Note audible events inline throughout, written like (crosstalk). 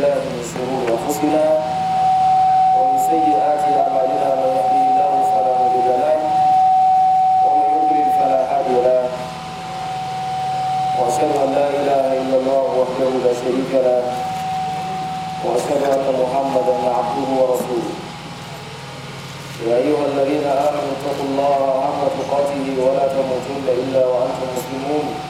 الله من شرور انفسنا ومن سيئات اعمالنا من يهدي الله فلا مضل له ومن يضلل فلا هادي له واشهد ان لا اله الا الله وحده لا شريك له واشهد ان محمدا عبده ورسوله يا ايها الذين امنوا اتقوا الله حق تقاته ولا تموتن الا وانتم مسلمون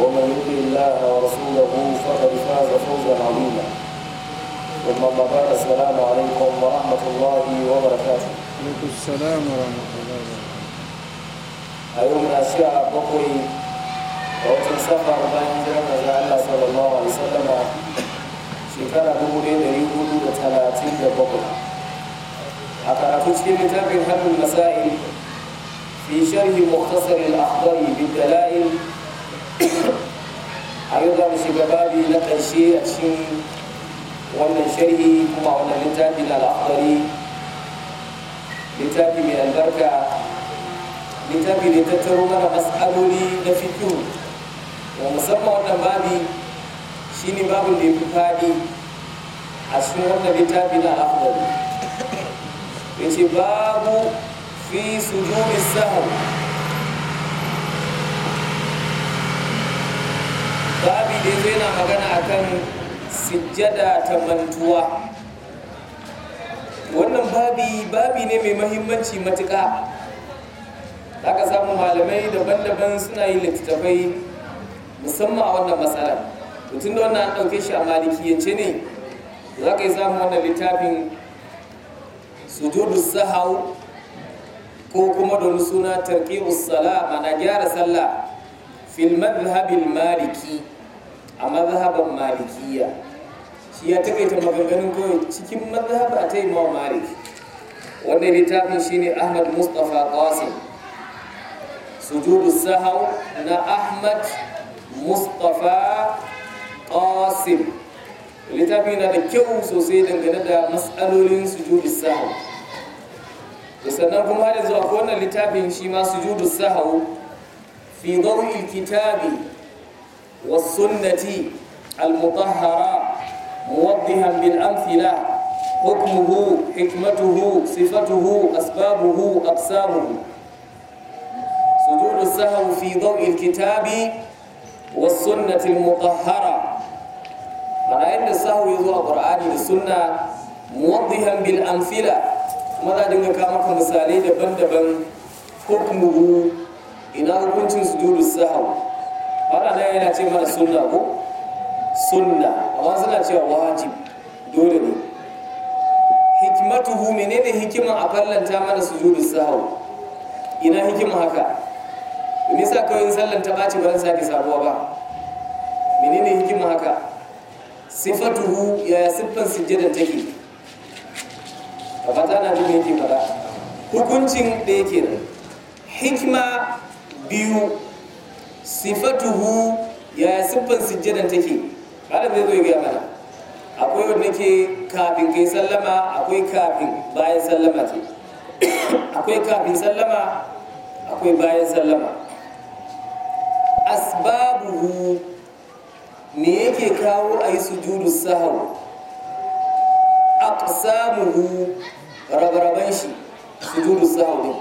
ومن يطع الله ورسوله فقد فاز فوزا عظيما ثم اما بعد السلام عليكم ورحمه الله وبركاته وعليكم السلام ورحمه الله وبركاته ايوم شاء بقري وتن سفر بين جنة الله صلى الله عليه وسلم شكرا بقري يقول ثلاثين بقري أقرأ في كتاب حل المسائل في شرح مختصر الأخضر بالدلائل a yau za babi na ƙarshe a cikin wannan sharhi kuma wannan littafi na al'akari littafi mai albarka littafi ne tattaro mana matsaloli na fito. wa musamman wannan babi shi ne babin da ya fi faɗi a cikin wannan littafi na al'akari ya ce babu fi sujudu sahau babi da yazo yana magana akan sujjada ta mantuwa wannan babi babi ne mai mahimmanci matuƙa aka samu malamai daban-daban suna yi littattafai musamman a wannan matsalar mutum da wannan an ɗauke shi a malikiyance ne za ka yi samun wannan littafin sujudu sahau ko kuma da suna tarki sala mana gyara sallah fil madhhabil maliki a mazhaban malikiya shi ya takaita maganganun kawai cikin mazhaba ta imam malik wanda littafin shine ahmad mustafa qasim sujudu sahaw na ahmad mustafa qasim littafin na da kyau sosai dangane da matsalolin sujudu sahaw sannan kuma da zuwa wannan littafin shi ma sujudu sahaw fi dawi kitabi والسنة المطهرة موضحا بالأمثلة حكمه حكمته صفته أسبابه أقسامه سجود السهو في ضوء الكتاب والسنة المطهرة أنا عند السهو يضوء القرآن والسنة موضحا بالأمثلة ماذا دنك كامك مثالي دبن دبن حكمه إنا كنت سجود السهو har anan yana ce mana sunna ko sunna amma suna cewa wajib dole ne hikmatuhu menene hikiman a fallanta mana su sujudu sahu ina hikiman haka me yasa kawai sallan ta baci ban sake sabuwa ba menene hikiman haka sifatuhu ya siffan sujjada take a fata na jin yake fara hukuncin da yake hikima biyu sifatuhu ya siffan sujjadan take kada zai zo ya mana akwai wanda ke kafin kai sallama akwai kafin bayan sallama ce akwai kafin sallama akwai bayan sallama asbabuhu me yake kawo a yi sujudu sahau aqsamuhu rabaraban shi sujudu sahau ne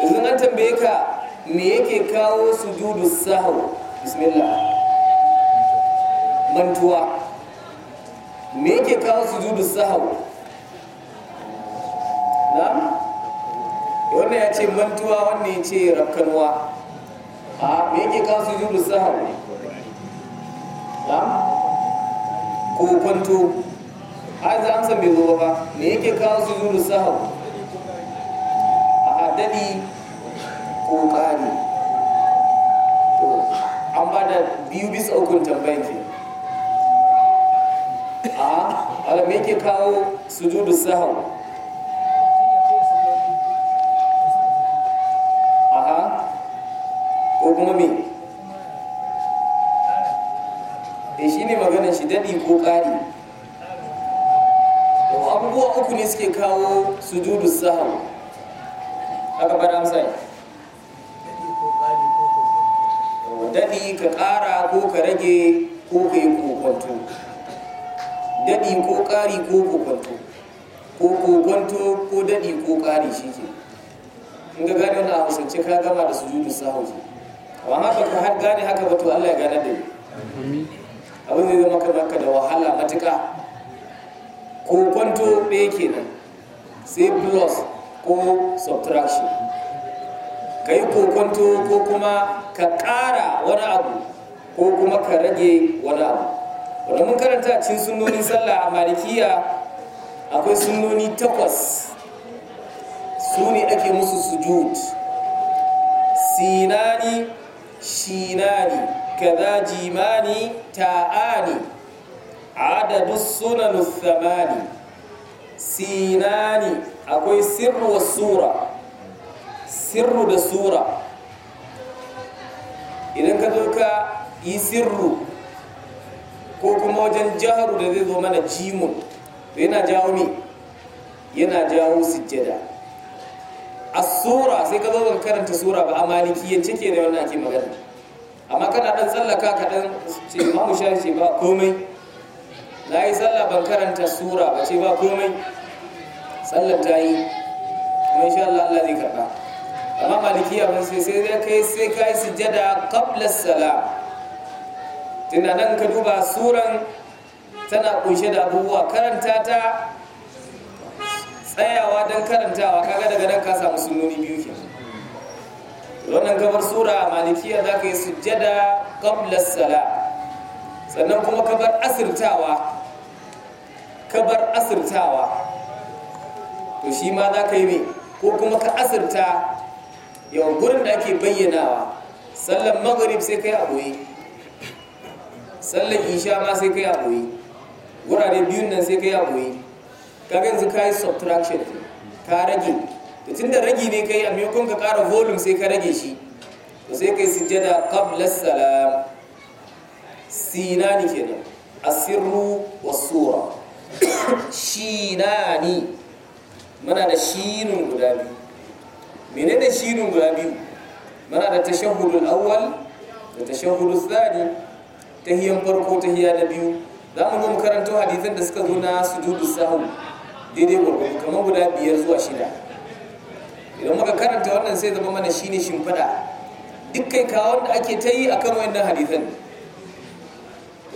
yanzu an tambaye ka me yake kawo sujudu sahau bismillah mantuwa me yake kawo sujudu sahau na wannan ya ce mantuwa wannan ya ce rakkanwa a me yake kawo sujudu sahau na ko kwanto a za amsa mai zo ba me yake kawo sujudu sahau a haddadi an ba da biyu bisa ukun tambayin ke a alamai ke kawo sujudu sahau aha ko kuma me e shi ne maganin shi daɗi ko ƙari abubuwa uku ne suke kawo sujudu sahau mamaki ka har gane haka ba to Allah ya gane da ni abin zai zama kamar ka da wahala matuka ko kwanto ɗaya kenan sai plus ko subtraction ka yi kokonto ko kuma ka ƙara wani abu ko kuma ka rage wani abu wadda mun karanta cin sunoni sallah a malikiya akwai sunoni takwas su ne ake musu sujud sinani shinani kaza jimani ta'ani adadu sunan samani. sinani akwai sirru wa sura sirru da sura idan ka zo yi sirru ko kuma wajen jaharu da zai zo mana jimun yana jawo me yana jawo sujjada as sai ka zo ka karanta sura ba a malikiyance ke da wannan ake magana amma kana dan tsallaka ka dan ce imamu sha ce ba komai na yi tsalla ban karanta sura ba ce ba komai tsallar ta yi kuma insha Allah Allah zai karba amma malikiya ban sai sai kai sai kai sujada qabla sala tunda nan ka duba suran tana kunshe da abubuwa karanta ta tsayawa don karantawa kaga daga nan ka samu sunoni biyu ke wannan gabar sura malikiya za ka yi sujjada qabla sala sannan kuma kabar asirtawa kabar asirtawa to shi ma za ka yi mai ko kuma ka asirta yau gurin da ake bayyanawa sallan magharib sai ka yi aboyi sallan isha ma sai ka yi aboyi wurare biyun nan sai ka yi aboyi kaga yanzu ka yi subtraction ka rage to tunda rage ne kai a maimakon ka kara volume sai ka rage shi to sai kai sujjada qabla salam sinani kenan asirru was-sura shinani mana da shinin guda biyu da shinun guda biyu mana da tashahhudul awwal da tashahhudul thani hiyan farko tahiya da biyu za mu zo mu karanto hadisan da suka zo na sujudu sahwi daidai gwargwado kama guda biyar zuwa shida idan muka karanta wannan sai zama mana shine shimfiɗa duk kai kawon da ake ta yi a kan wannan hadithan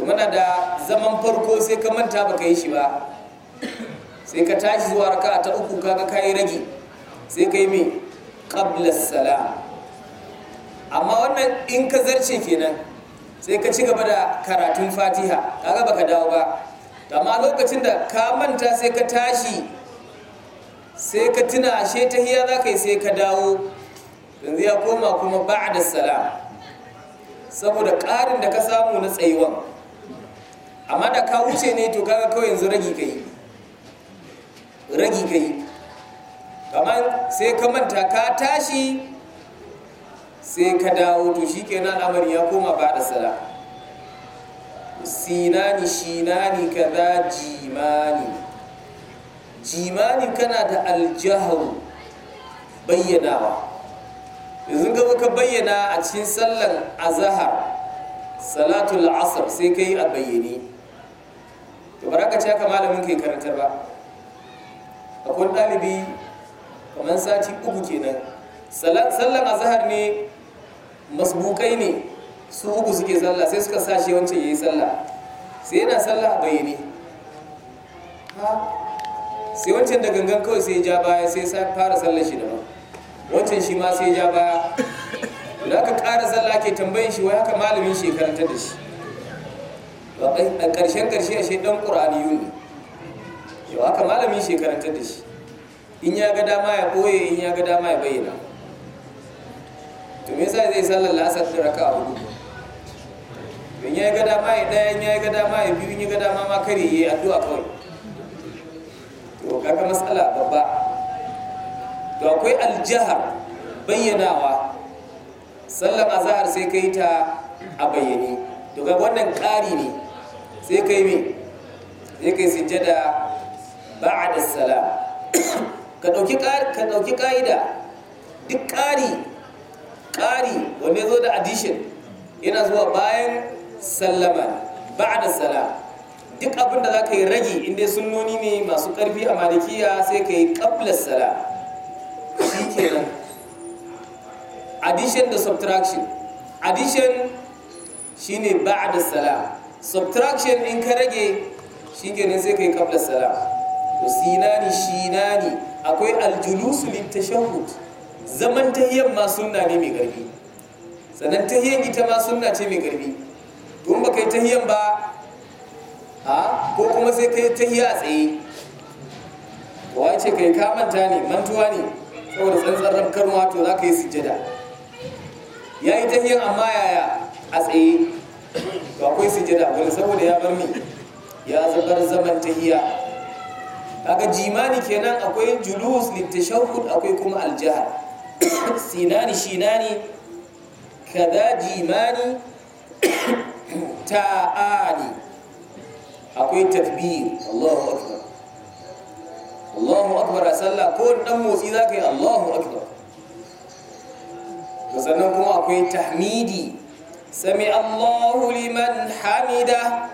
mana da zaman farko sai ka manta ba ka yi shi ba sai ka tashi zuwa raka ta uku kaga ka yi rage sai ka yi mai ƙablas salam amma wannan in ka zarce kenan sai ka ci gaba da karatun fatiha kaga baka dawo ba amma lokacin da ka manta sai ka tashi sai ka tuna ashe ta hiya za ka yi sai ka dawo yanzu ya koma kuma da salam saboda ƙarin da ka samu na tsayuwan amma da ka wuce ne to kaga kawai yanzu ragi ka yi ragi ka yi kamar sai ka manta ka tashi sai ka dawo to shi kenan al'amari ya koma ba ba'da salam sinani shinani kaza jimani jimani kana da aljahar bayyanawa yanzu gaba ka bayyana a cikin sallar azahar salatul asar sai ka yi a bayyane to ba ka ci malamin ka yi karantar ba akwai ɗalibi kamar sati uku kenan sallar azahar ne masbukai ne su uku suke sallah sai suka sashi wancan ya yi sallah sai yana sallah a bayyane sai wancan da gangan kawai sai ja baya sai ya fara sallar shi daban wancan shi ma sai ja baya da aka ƙara sallah ke tambayin shi wai haka malamin shi karanta da shi a ƙarshen ƙarshe a shaidan ƙura'ani yun ne yau haka malamin shi karanta da shi in ya ga dama ya ɓoye in ya ga dama ya bayyana to me yasa zai sallar lasar da raka a hudu in ya ga dama ya ɗaya in ya ga dama ya biyu in ya ga dama ma kare ya yi addu'a kawai to kaga matsala babba to akwai aljihar bayyanawa sallar azahar sai ka yi ta a bayyane to ga wannan ƙari ne sai ka yi mai sai ka yi sujjada ba'ad salam (coughs) ka ka ɗauki ƙa'ida duk ƙari ƙari wanda ya zo da addition yana zuwa bayan sallama ba'ad salam duk abin da zaka yi ragi inda sunnoni ne masu karfi a malikiya sai kai yi qabla salam shikenan addition da subtraction addition shine ba'ad salam subtraction in ka rage shikenan sai kai qabla salam to sinani shinani akwai lit tashahhud zaman tahiyyan ma sunna ne mai karfi sanan tahiyyan ita ma sunna ce mai karfi in ba kai tahiyan ba a ko kuma sai kai tahiya tsaye wa ce kai ka manta ne mantuwa ne saboda tsantsar rafkar mato to za ka yi sujjada ya yi tahiyan amma yaya a tsaye to akwai sujjada wani saboda ya bar mi ya zabar zaman tahiya kaga jimani kenan akwai julus litashahhud akwai kuma aljahar (coughs) sinani shinani kada jimani ta'ani akwai tafbi Allahu akbar Allahu akbar a sallah ko dan motsi zaka yi Allahu akbar sannan kuma akwai tahmidi sami Allahu liman hamida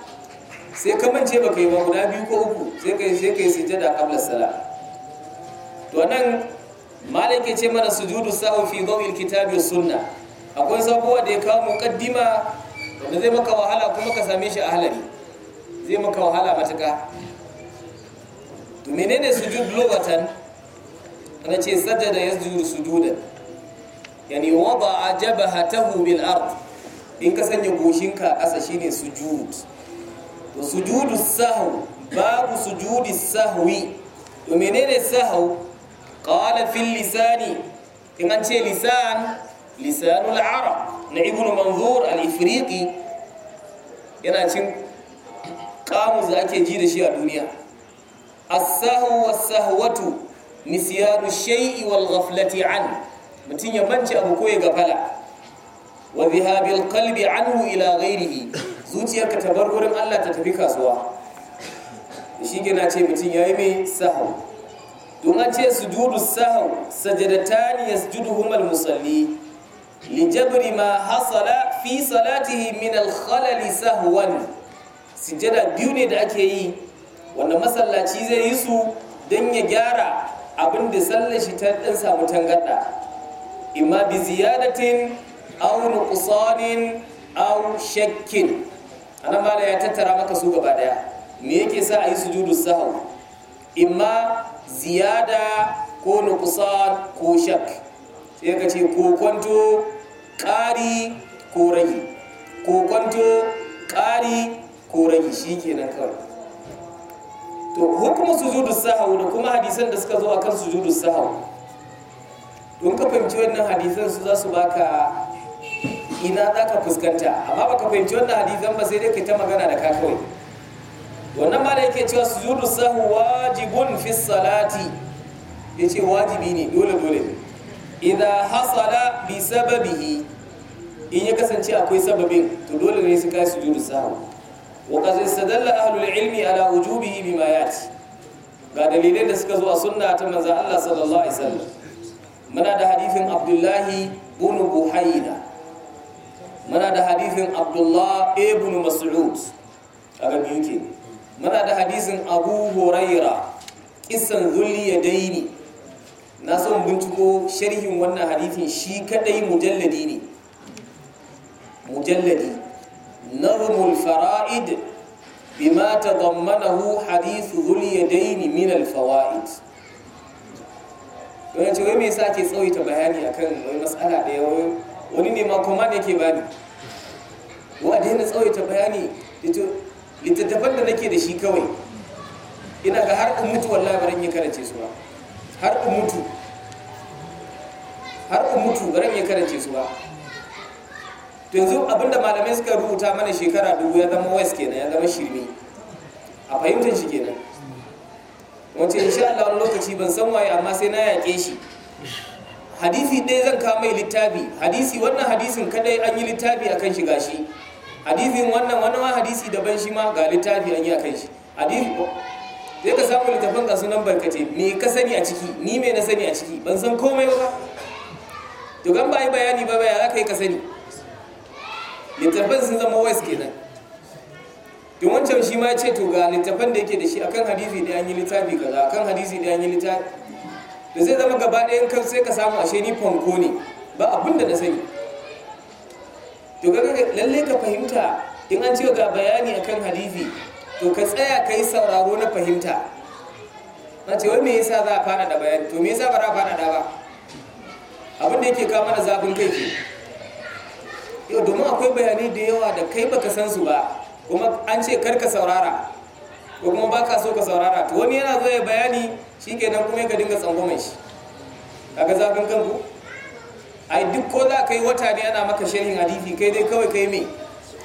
sai ka mance ba kai ba guda biyu ko uku sai kai sai kai sujada qabla Sala. to nan malike ce mana sujudu sahwi fi dawil kitabi was akwai sabuwa da ya kawo muqaddima wanda zai maka wahala kuma ka same shi a halari zai maka wahala matuka to menene sujud lobatan ana ce sajada yasjudu sujudan yani wada'a jabhatahu bil ard in ka sanya goshinka a ƙasa shine sujud to sujudu sahw babu sujudi sahwi to menene sahw qala fil lisani in an ce lisan lisanul arab na ibn manzur al-ifriqi yana cin kamus da ake ji da shi a duniya as-sahwu was-sahwatu nisyanu shay'i wal-ghaflati an mutum ya mance abu ko ya gafala wa zihabil qalbi anhu ila ghairihi zuciyarka ta bar gurin Allah ta tafi kasuwa shi na ce mutum ya yi mai sahau don an ce sujudu sahau sajadatani yasjuduhuma al-musalli lijabri ma hasala fi salatihi min al-khalali sahwan sijada biyu ne da ake yi wanda masallaci zai yi su don ya gyara abin da sallar shi ta dan samu tangarda imma bi ziyadatin aw nuqsanin aw shakkin Ana mala ya tattara maka su gaba daya me yake sa a yi sujudu sahw imma ziyada ko nuqsan ko shakk sai ka ce kokonto ƙari ko rage kokonto ƙari ko rage shi kenan kawai to hukumar zuɗu sahau da kuma hadisan da suka zo a kan zuɗu sahau don ka fahimci wannan hadisan su za su baka ina za ka fuskanta amma baka fahimci wannan hadisan ba sai dai ka ta magana da ka kawai wannan ma da yake cewa zuɗu sahau wajibun fi salati ce wajibi ne dole dole ne idha hasala bi sababihi in ya kasance akwai sababin to dole ne su kai sujudu sahwi wa qad istadalla ahlul ilmi ala wujubihi bima yati ga dalilai da suka zo a sunna ta manzo Allah sallallahu alaihi wasallam muna da hadithin Abdullahi ibn Buhayda muna da hadithin Abdullah ibn Mas'ud a biyu ke muna da hadisin Abu Hurairah kisan zulli yadaini na son binciko sharhin wannan hadithin shi kadai mujalladi ne mujalladi nazmul fara'id bima tadammanahu hadithu dhul yadayn min al fawaid to ce wai me yasa ke tsawaita bayani akan wai mas'ala da yawa wani ne ma kuma ne ke bani wa daina tsawaita bayani litattafan da nake da shi kawai ina ga har in mutu wallahi baran yin karace su ba har in mutu har in mutu ran ya karance su ba to yanzu abinda malamai suka rubuta mana shekara dubu ya zama west kenan ya zama shirme a fahimtar shi kenan wace insha Allah wani lokaci ban san waye amma sai na yaƙe shi hadisi ɗaya zan kawo mai littafi hadisi wannan hadisin kadai an yi littafi akan shi gashi hadisin wannan wani ma hadisi daban shi ma ga littafi an yi akan shi hadisi zai ka samu littafin ga sunan barkace me ka sani a ciki ni me na sani a ciki ban san komai ba to gan ba yi bayani ba ya aka yi ka sani littafin sun zama wais kenan to wancan shi ma ce to ga littafin da yake da shi akan hadisi da an yi littafi kaza akan hadisi da an yi littafi da zai zama gaba ɗayan kan sai ka samu ashe ni fanko ne ba abin da na sani to ga lalle ka fahimta in an ce ga bayani akan hadisi to ka tsaya ka yi sauraro na fahimta na ce wai me yasa za a fara da bayani to me yasa ba za a fara da ba abin da yake kama da zafin kai ke yau domin akwai bayanai da yawa da kai baka san su ba kuma an ce kar ka saurara ko kuma ba ka so ka saurara to wani yana zo ya bayani shi kuma ka dinga tsangwamai shi kaga zafin kanku ai duk ko za ka yi wata ne ana maka sharhin hadisi kai dai kawai kai mai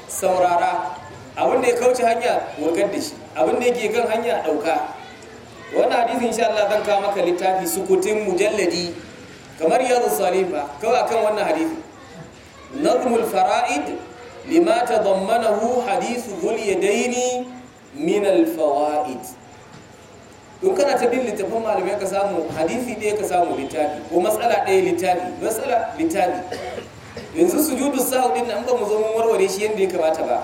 saurara a wanda ya kauce hanya wakar da shi abin da yake kan hanya dauka wannan hadisi insha Allah zan kawo maka littafi sukutin mujalladi kamar yadda salifa kawai akan wannan hadisi nazmul fara'id lima tadammanahu hadithu dhul yadaini min al fawaid don kana ta bin littafin malamai ka samu hadisi ɗaya ka samu littafi ko matsala ɗaya littafi matsala littafi yanzu sujudu din nan ba mu zo mun warware shi yadda ya kamata ba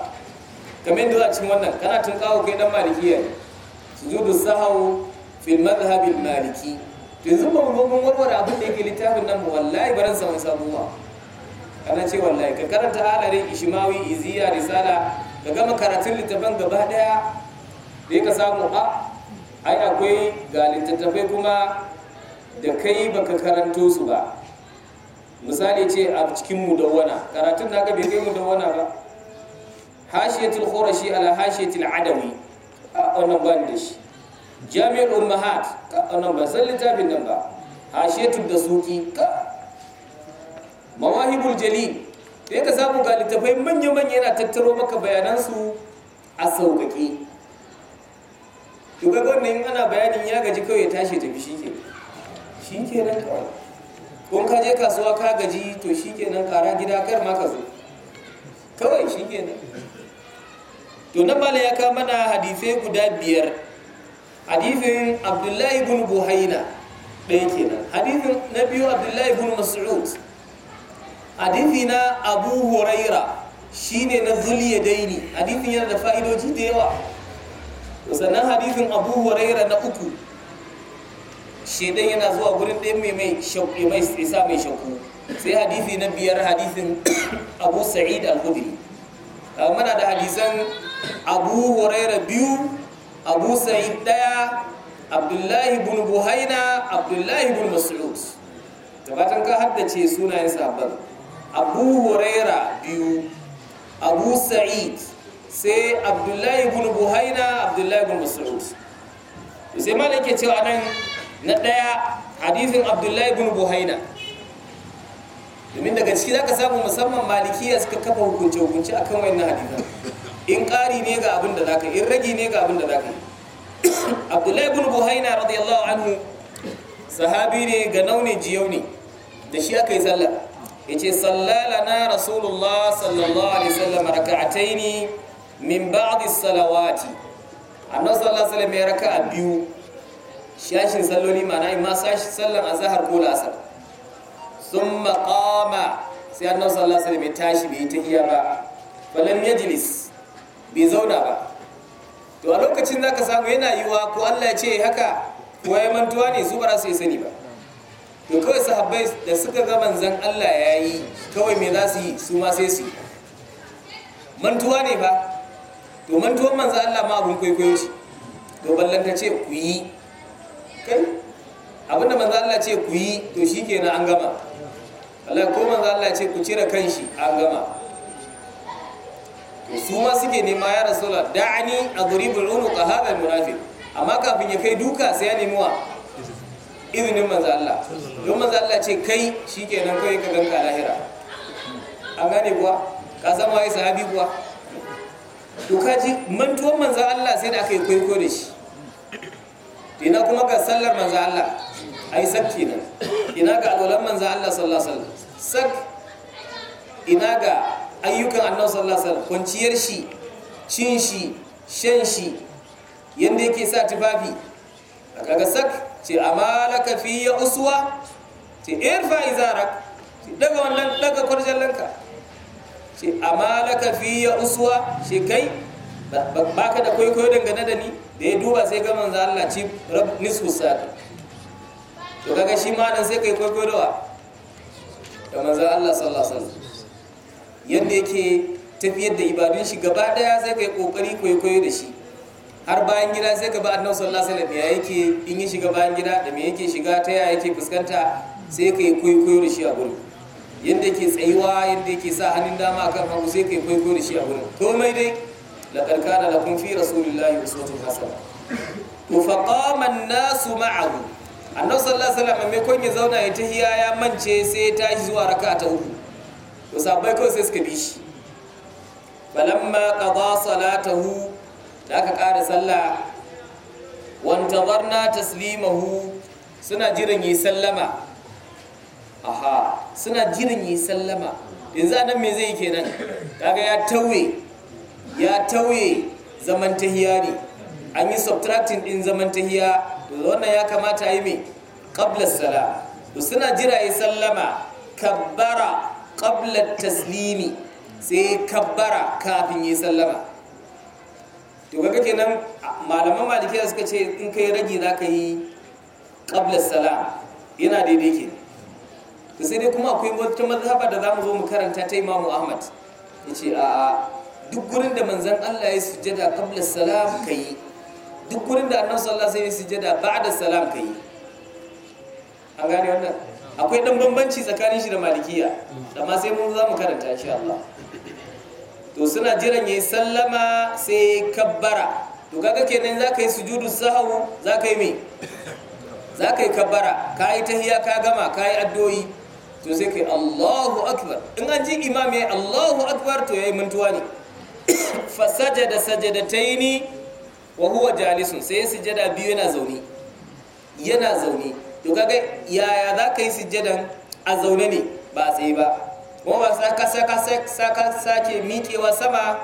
kamar yadda za a cikin wannan kana tun kawo kai dan su zo da sahau, fil madhhabil maliki to yanzu ba mun warware abin da yake littafin nan wallahi baran sa mai sabuwa kana ce wallahi ka karanta alarin ishmawi iziya risala ka gama karatun littafin gaba daya da ka samu a ai akwai ga littattafai kuma da kai baka karanto su ba misali ce a cikin mudawwana karatun naka bai kai mudawwana ba hashiyatul khurashi ala hashiyatul adawi a wannan ban da shi jami'ul ummahat a wannan ba san littafin nan ba hashiyatul dasuki ka mawahibul jalil sai ka samu ga littafai manya-manya yana tattaro maka bayanan su a sauƙaƙe to ga in ana bayanin ya gaji kawai ya tashi tafi shi ke nan kawai kun ka je kasuwa ka gaji to shi ke nan ƙara gida kar ma ka zo kawai shi ke nan to na mala ya kama na hadife guda biyar Hadifin abdullahi ibn buhaina ɗaya kenan hadifin na biyu abdullahi ibn mas'ud hadifi na abu huraira shine na zuliya daini hadifin yana da fa'idoji da yawa sannan hadifin abu huraira na uku shedan yana zuwa gurin ɗaya mai mai shauƙi mai isa mai shauƙu sai hadifi na biyar hadifin (coughs) abu sa'id al-khudri mana da hadisan abu hurera biyu abu sa'id daya abdullahi bin buhaina abdullahi bin mas'ud gabatan ka haddace sunayen sabon abu hurera biyu abu sa'id sai abdullahi bin buhaina abdullahi bin mas'ud sai malaka cewa nan na daya hadithin abdullahi bin buhaina domin daga ciki zaka samu musamman malikiya suka kafa hukunce hukunce akan wannan hadisan in ƙari ne ga abin da zaka in ragi ne ga abin da zaka Abdullahi ibn Buhaina radiyallahu anhu sahabi ne ga naune jiyau ne da shi aka yi sallah yace sallalana rasulullah sallallahu alaihi wasallam raka'atayn min ba'di salawati annabi sallallahu alaihi wasallam ya raka'a biyu shashin salloli ma'ana in ma sashin sallan azhar ko la'asar sun maƙama sai annan sallallahu da bai tashi bai yi ta iya ba falam yajlis bai zauna ba to a lokacin za ka samu yana yiwa ko Allah ce haka kuwa ya mantuwa ne su ba su yi sani ba to kawai su sahabbai da suka ga manzon Allah ya yi kawai me za su yi su ma sai su yi mantuwa ne ba to mantuwan manzon Allah ma abun kwaikwayo ce to ballanta ce ku yi kai abinda manzon Allah ce ku yi to shi shikenan an gama Allah ko manzo Allah ce ku cire kanshi an gama to su ma suke nema ya rasula da'ani adribu unuqa hada almunafiq amma kafin ya kai duka sai ya nemi wa izinin manzo Allah don manzo Allah ce kai shikenan kai ka ganka lahira an gane kuwa ka san wai sahabi kuwa to kaji mantuwan manzo Allah sai da aka yi kwaiko da shi ina kuma ga sallar manzo Allah ai sakki na. ina ga alwalan manzo Allah sallallahu alaihi wasallam sak ina ga ayyukan annabi sallallahu alaihi wasallam kwanciyar shi cin shi shan shi yanda yake sa tufafi kaga sak ce amalaka fi ya uswa ce irfa izarak ce daga wannan daga kwarjallanka ce amalaka fi ya uswa ce kai baka da kwaikwayo dangane da ni da ya duba sai ga za Allah ci rab nisfu sa to kaga shi ma nan sai kai kwaikwayo da wa da manzan Allah sallallahu alaihi wasallam yadda yake tafiyar da ibadun shi gaba daya zai kai kokari kwaikwayo da shi har bayan gida sai ka ba annabi sallallahu alaihi wasallam ya yake in yi shiga bayan gida da me yake shiga ta yaya yake fuskanta sai kai kwaikwayo da shi a gurin yadda yake tsayuwa yadda yake sa hannun dama a kan hagu sai kai kwaikwayo da shi a gurin komai dai karkana kana kun fi wasu uswatun hasana to faqama an-nasu ma'ahu annabi sallallahu alaihi wasallam kon ya zauna ya tahiya ya mance sai ya tashi zuwa raka ta uku to sabai kawai sai suka bi shi balamma qada salatahu da aka ƙara sallah wantazarna taslimahu suna jiran yi sallama aha suna jiran yi sallama yanzu anan me zai kenan kaga ya tauye ya tauye zaman tahiya ne an yi subtracting din zaman tahiya wannan ya kamata yi mai qabla salam suna jira yi sallama kabbara ƙablar taslimi sai kabbara kafin yi sallama to ke nan malaman malikiya suka ce in kai ragi za ka yi ƙablar salam yana daidai ke ta sai dai kuma akwai wata mazhaba da za mu zo mu karanta ta imamu Ahmad ce a duk gurin da manzan Allah ya sujjada qabla ka yi. duk wurin da annabi sallallahu alaihi wasallam sujada ba'da salam kai an gane wannan akwai dan bambanci tsakanin shi da malikiya amma sai mun za mu karanta insha Allah to suna jiran yayi sallama sai kabbara to kaga kenan zaka yi sujudu sahwu zaka yi me zaka yi kabbara yi tahiyya ka gama Ka yi addu'o'i to sai kai Allahu akbar in an ji imam yayi Allahu akbar to yayi mintuwa ne (coughs) fasajada sajadataini wa huwa jalisun sai ya sujjada biyu yana zaune yana zaune to kaga yaya za ka yi sujjadan a zaune ne ba tsaye ba kuma ba ka saka saka sake miƙewa sama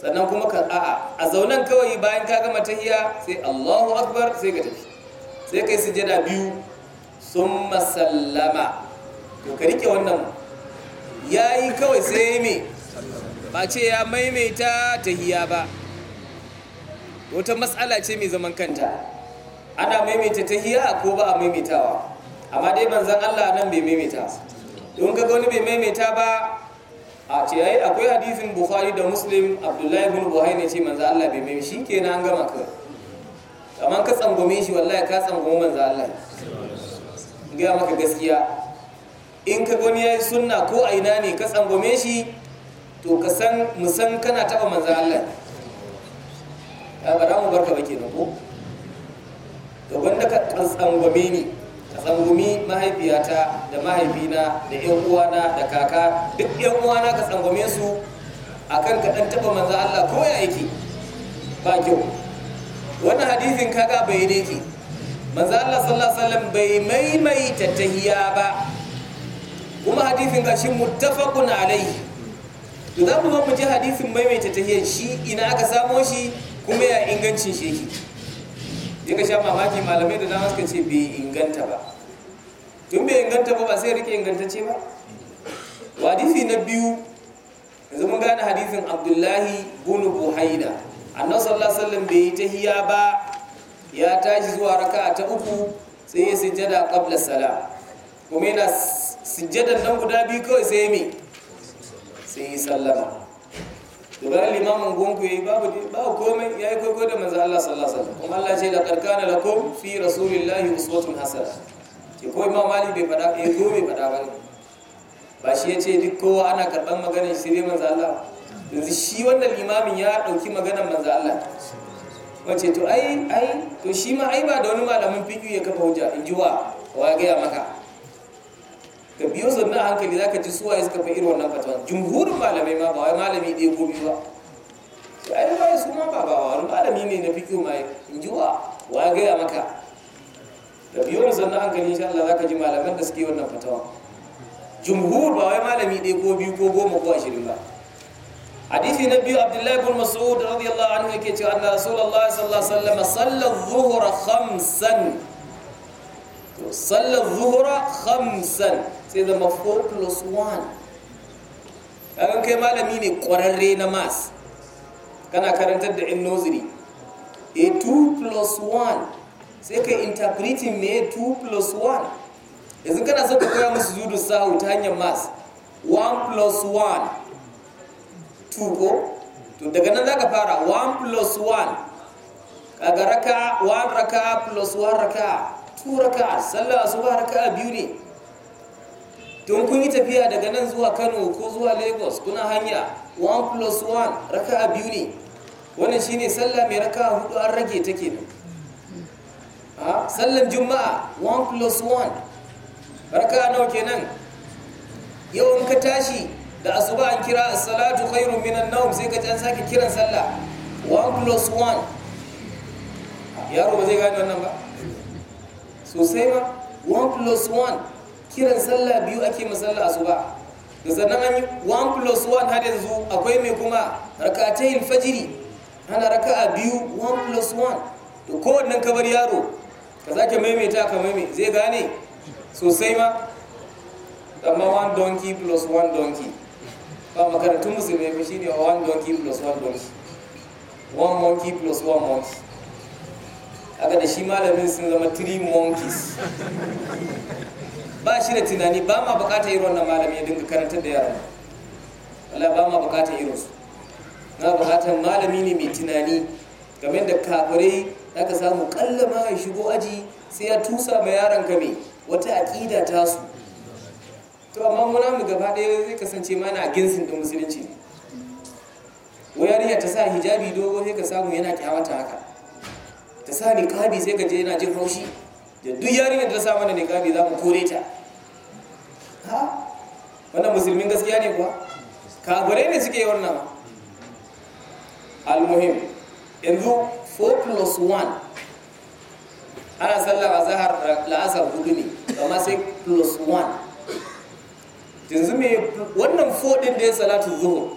sannan kuma ka a'a a zaunen kawai bayan ka gama tahiya sai Allahu akbar sai ka tafi sai ka yi sujjada biyu sun masallama to ka rike wannan yayi kawai sai ya yi me ba ce ya maimaita tahiya ba wata matsala ce mai zaman kanta ana maimaita ta hiya ko ba a maimaitawa amma dai zan Allah nan bai maimaita don ka wani bai maimaita ba a ce yayi akwai hadisin Bukhari da Muslim Abdullahi ibn ne ce manzon Allah bai maimaita shikenan an gama ka amma ka tsangwame shi wallahi ka tsangwame manzon Allah ga maka gaskiya in ka gani yayi sunna ko a ne ka tsangwame shi to ka san musan kana taba manzon Allah kaga da mu barka bake nan ko to wanda ka tsangwame ni ka tsangwami mahaifiyata da mahaifina da ƴan uwana da kaka duk ƴan uwana ka tsangwame su akan ka dan taba manza Allah ko ya yake ba kyau wannan hadisin kaga bai ne yake Manza Allah sallallahu alaihi wasallam bai maimaita tahiyya ba kuma hadisin gashi muttafaqun alaihi to za mu zo mu ji hadisin maimaita tahiyyar shi ina aka samo shi kuma ya ingancin sheki ya ka sha mamaki malamai da dama suka ce bai inganta ba tun bai inganta ba ba sai rike ingantacce ba wadifi na biyu yanzu mun gane hadithin abdullahi bunu buhaida annabi sallallahu alaihi bai yi ta hiya ba ya tashi zuwa raka ta uku sai ya sujjada qabla salam kuma yana sujjadan nan guda biyu kawai sai me sai sallama da ba limamin gungu yayi babu babu komai yayi koko da manzo Allah sallallahu alaihi wasallam kuma Allah ce la karkana lakum fi rasulillahi uswatun hasana ke koi imam mali bai fada ya eh, zo bai fada ba ba shi yace duk kowa ana karban maganar shi sai manzo Allah yanzu shi wannan limamin ya dauki maganar manzo Allah wace to ai ai to shi ma ai ba da wani malamin fiqh ya kafa hujja in ji wa wa ga ya maka ka biyo sannan hankali za ka ci suwa ya suka fi irin wannan fatawa jumhurin malamai ma ba wai malami ɗaya ko biyu ba su ai ba su ma ba ba wani malami ne na fiƙo ma in ji wa wa ya gaya maka ka biyo sannan hankali insha Allah za ka ji malaman da suke wannan fatawa jumhur ba wai malami ɗaya ko biyu ko goma ko ashirin ba حديث na biyu Abdullahi بن مسعود رضي anhu عنه يكي أن رسول الله صلى الله عليه وسلم صلى الظهر خمسا to sallar zuhura hamsan sai zama 4 plus 1 kagan kai malami ne ƙwararre na mas kana karantar da in noziri 2 plus 1 sai kai interpreting me 2 plus 1 yanzu kana so ka koya musu zudu sahu hanyar mas plus 1 2 daga nan za ka fara 1 plus 1 kaga raka 1 raka tu raka'a sallah asuba a biyu ne don kun yi tafiya daga nan zuwa Kano ko zuwa Lagos kuna hanya 1 plus 1 a biyu ne wannan shine sallah mai raka'a hudu an rage ta kenan a ah, sallar juma'a 1 plus 1 raka'a nawa kenan yau in ka tashi da asuba an kira as-salatu khairun minan nawm sai ka can sake kiran sallah 1 plus 1 yaro ba zai gane wannan ba musayma 1 plus 1 kiran sallah biyu ake musalla a su ba da sannan an yi 1 plus 1 har yanzu akwai mai kuma rakatayin fajiri ana raka a biyu 1 plus 1 to kowannan kabar yaro ka zake maimaita ka maimai zai gane sosai ma amma 1 donkey plus 1 donkey ba makarantun musulmi shi ne 1 donkey plus 1 donkey 1 monkey plus 1 monkey aka da shi malamin sun zama three monkeys ba shi da tunani ba ma bukatar irin wannan malami ya dinga karantar da yaran Allah ba ma bukatar irin su na bukatar malami ne mai tunani game da kafirai zaka samu ma ya shigo aji sai ya tusa ma yaran ka wata aqida ta su to amma muna mu gaba ɗaya zai kasance mana a ginsin da musulunci wayar wayar ta sa hijabi dogo sai ka samu yana kyawata haka ta sa ni niqabi sai ka je yana jin haushi da duk yarinyar da sa mana ne niqabi za mu kore ta ha wannan musulmin gaskiya ne kuwa kafirai ne suke wannan almuhim yanzu 4 plus 1 ana sallar a zahar la'asar hudu ne amma sai plus 1 yanzu mai wannan 4 din da ya salatu zuhu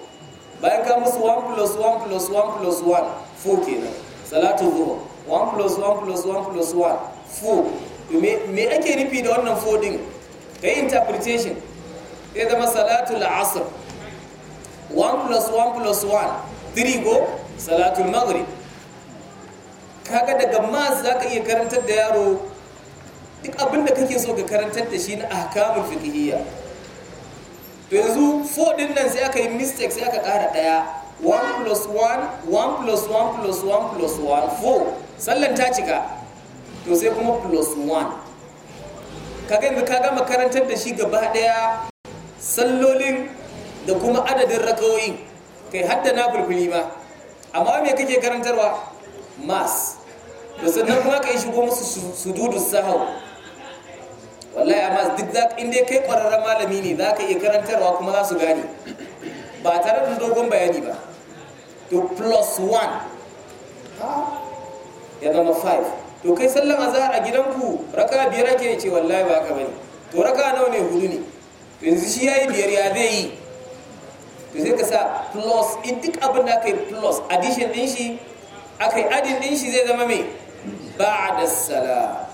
bayan ka musu 1 plus 1 plus 1 plus 1 4 kenan salatu zuhu 1 plus 1 plus 1 plus 1 4 me ake nufi da wannan 4 din ka yi interpretation ya zama salatul asr 1 plus 1 plus 1 3 go salatul maghrib kaga daga mas za ka iya karantar da yaro duk abin da kake so ka karantar da shi na ahkamul fikihiyya to yanzu 4 din nan sai aka yi mistake sai aka kara daya 1 plus 1 1 plus 1 plus 1 plus 1 4 sallan ta cika to sai kuma plus one kaga yanzu ka gama karantar da shi gaba daya sallolin da kuma adadin rakawoyin kai hadda na bulbuli ma amma me kake karantarwa mas da sannan kuma ka yi shigo musu sududu sahau wallahi amma duk za inda kai kwararren malami ne za ka iya karantarwa kuma za su gane ba tare da dogon bayani ba to plus one ya zama 5 to kai sallan zahar a gidanku raka biyar ake ce wallahi ba ka bane to raka nawa ne hudu ne to yanzu shi yayi biyar ya zai yi to sai ka sa plus in duk abin da kai plus addition din shi akai adin din shi zai zama me ba'da salat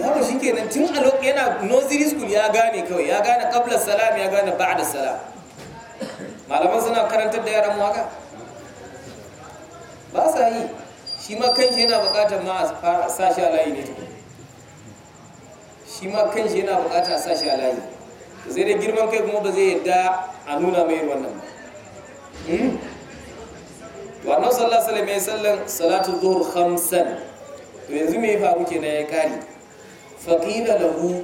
yaro shi nan tun a lokacin yana nursery school ya gane kawai ya gane kablar salam ya gane ba'da salam malaman suna karantar da yaran mu haka ba sa yi shi ma kanshi yana bukatar ma a sa shi a layi ne shi ma kanshi yana bukatar a sa shi a layi sai da girman kai kuma ba zai yadda a nuna mai wannan ba wannan hmm? sallah salama mai sallan salatu zuhur hamsan to yanzu mai faru ke na ya kari faƙila lahu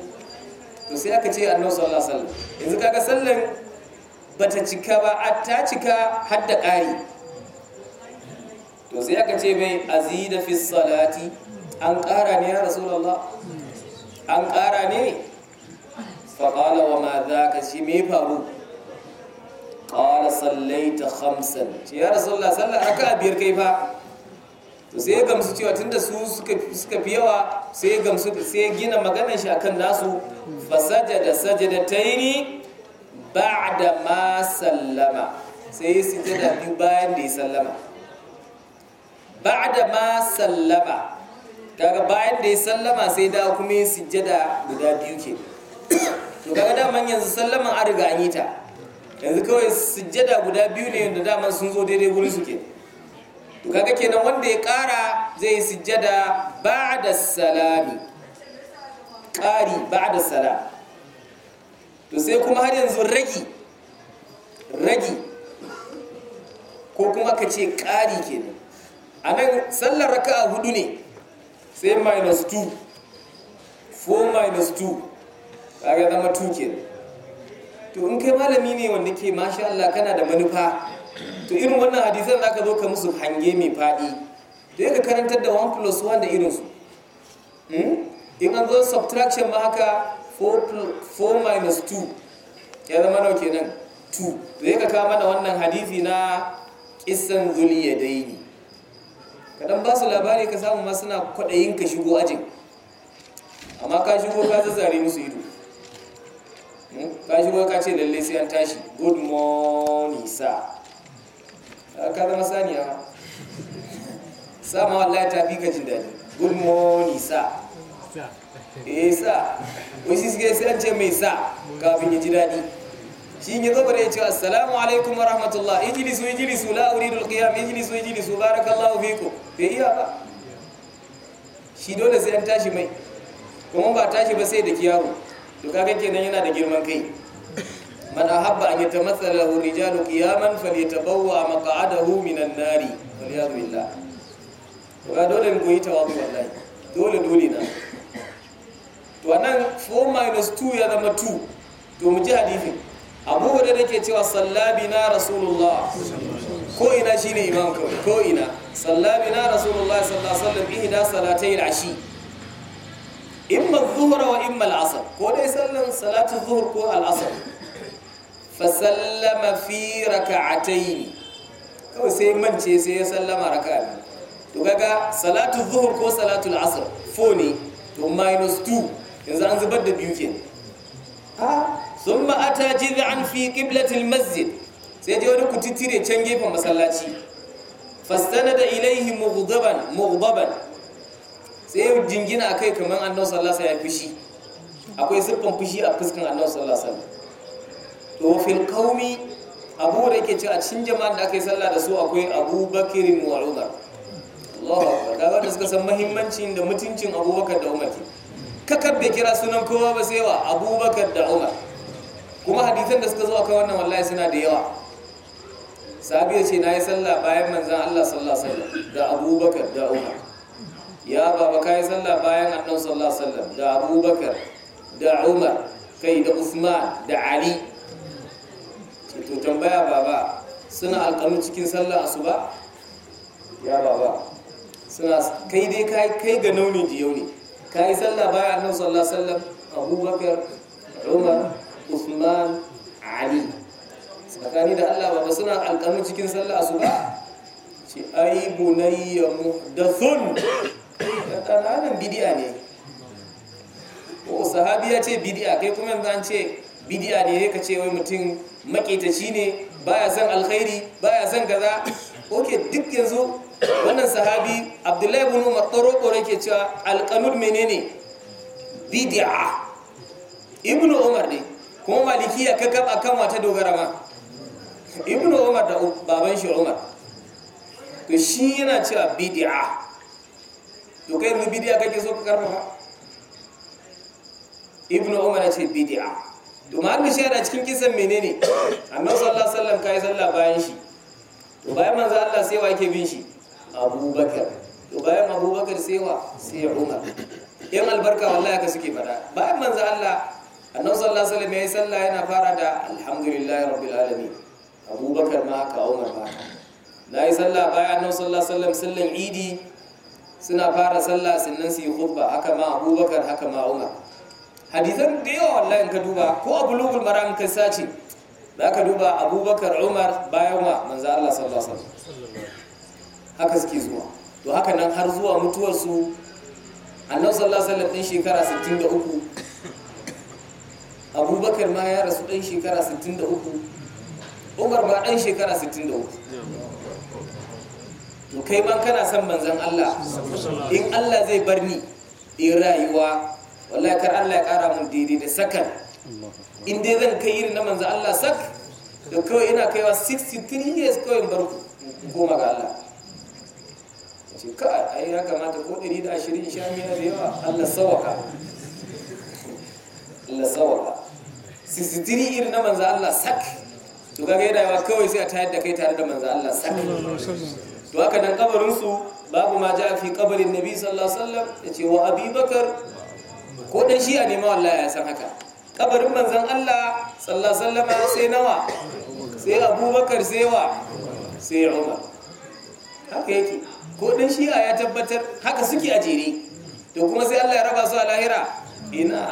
to sai aka ce annan sallah sallah yanzu kaga sallan ta cika ba a ta cika har da ƙari to sai aka ce mai azida fi salati an ƙara ne ya rasulullah an ƙara ne faƙala wa ma za ka ce mai faru ƙala sallaita hamsan ce ya rasulullah sallar aka biyar kai fa to sai gamsu cewa tunda su suka fi yawa sai gamsu sai gina maganar shi akan nasu fasaja da sajada ta yi ni ba da ma sallama sai su sujada biyu bayan da ya sallama ba'da ma sallama kaga bayan da ya sallama sai da kuma yin sujjada guda biyu ke to kaga daman yanzu sallaman an riga an yi ta yanzu kawai sujjada guda biyu ne da daman sun zo daidai guri su ke to kaga kenan wanda ya kara zai yi sujjada ba'da salami kari ba'da salam to sai kuma har yanzu ragi ragi ko kuma ka ce ƙari kenan a nan sallar raka'a hudu ne sai minus 2 4 minus 2 ga zama 2 ke to in kai malami ne wanda ke masha Allah kana da manufa to irin wannan hadisan za ka zo ka musu hange mai faɗi da ka karantar da 1 plus 1 da irinsu hmm? in an zo subtraction ma haka 4 minus 2 ya zama nauke nan 2 to ya ka kawo mana wannan hadisi na kisan zuliya daini kadan ba su labari ka samu masu na kwaɗayin ka shigo ajin amma ka shigo ka zazzare musu ido hmm? ka shigo ka ce lalle sai an tashi good morning sir ka zama saniya sa ma wallahi ta fi ka jin good morning sir eh sa wai shi suke sai an ce mai sa kafin ya ji daɗi shi in yazo bare ya ce assalamu alaikum wa ijlisu ijlisu la uridu alqiyam ijlisu ijlisu barakallahu fiku bai iya ba shi dole sai an tashi mai kuma ba tashi ba sai da kiyaro to kaga kenan yana da girman kai man ahabba an yatamassala lahu rijalu qiyaman falyatabawwa maq'adahu minan nari waliyadu billah to ga dole mu yi tawazu wallahi dole dole na to anan 4 minus 2 ya zama 2 to mu ji hadisin abu da nake cewa sallabina rasulullah ko ina shine imam kawai ko ina sallabina rasulullah sallallahu alaihi ihda salatayn ashi imma adh-dhuhr wa imma al-'asr ko dai sallan salatu adh-dhuhr ko al-'asr fa sallama fi rak'atayn kawai sai mance sai ya sallama raka'a to kaga salatu adh-dhuhr ko salatu al-'asr 4 ne to minus 2 yanzu an zubar da biyu kenan ha sun ta ma'ata an fi ƙiblatil masjid sai je wani kututture can gefen masallaci fastana da ilaihi mughdaban sai ya jingina kai kamar annabi sallallahu alaihi wasallam ya fushi akwai siffan fushi a fuskan annabi sallallahu alaihi wasallam to fil qaumi abu da yake cewa a cikin jama'an da aka yi sallah da su akwai Abu Bakr wa Umar Allahu akbar kaga da suka san muhimmancin da mutuncin Abubakar da Umar kakab bai kira sunan kowa ba sai wa Abubakar da Umar kuma hadisan da suka zo akan wannan wallahi suna da yawa sabiya ce na yi sallah bayan manzan Allah sallallahu alaihi wasallam da abubakar da umar ya baba ka yi sallah bayan annabi sallallahu alaihi wasallam da abubakar da umar kai da usman da ali to tambaya baba suna alƙalu cikin sallah asuba ya baba suna kai dai kai kai ga nauni yau ne ka yi sallah bayan annabi sallallahu alaihi wasallam abubakar umar Uthman Ali tsakani da Allah ba suna alƙalmi cikin sallah su ba ce ai bunayya muhdathun kananan bidiya ne ko sahabi ya ce bidiya kai kuma yanzu an ce bidiya ne ka ce wai mutum maƙetaci ne baya son alkhairi baya son kaza oke duk yanzu wannan sahabi abdullahi bin umar tsoro ke cewa alqanud menene bid'a ibnu umar ne kuma malikiya ka a kan wata dogara ma ibnu umar da baban shi umar to shi yana cewa bidi'a. to kai mu bidi'a kake so ka karfafa ibnu umar ya ce bidi'a. to ma an shi yana cikin kisan menene annabi sallallahu alaihi wasallam kai sallah bayan shi to bayan manzo Allah sai wa yake bin shi abubakar to bayan abubakar sai wa sai umar yan albarka wallahi ka suke fada bayan manzo Allah annabi sallallahu alaihi wasallam yayi sallah yana fara da alhamdulillahi rabbil alamin abubakar ma haka umar ma na yi sallah bayan annabi sallallahu alaihi wasallam sallan idi suna fara sallah sannan su yi khutba haka ma abubakar haka ma umar hadisan da yawa wallahi in ka duba ko a bulugul maram kai sace za ka duba abubakar umar bayan wa manzo Allah sallallahu alaihi wasallam haka suke zuwa to haka nan har zuwa mutuwarsu annabi sallallahu alaihi wasallam din shekara 63 abubakar ma ya rasu ɗan shekara 63 umar ma ɗan shekara 63 to kai man kana son manzan Allah in Allah zai bar ni in rayuwa wallahi kar Allah ya ƙara mun daidai da sakan in dai zan kai irin na manzan Allah sak da kawai ina kaiwa 63 years kawai in bar goma ga Allah ce kawai ai ya kamata ko 120 sha miya da yawa Allah sawaka Allah sawaka 63 irin na manzan Allah sak to kaga yana yawa kawai sai a tayar da kai tare da manzan Allah sak to haka nan kabarin su babu ma ja fi kabarin nabi sallallahu alaihi wasallam yace wa abubakar ko dan shi a nema wallahi ya san haka kabarin manzan Allah sallallahu alaihi wasallam sai nawa sai abubakar sai wa sai umar haka yake ko dan shi ya tabbatar haka suke a jere to kuma sai Allah ya raba su a lahira ina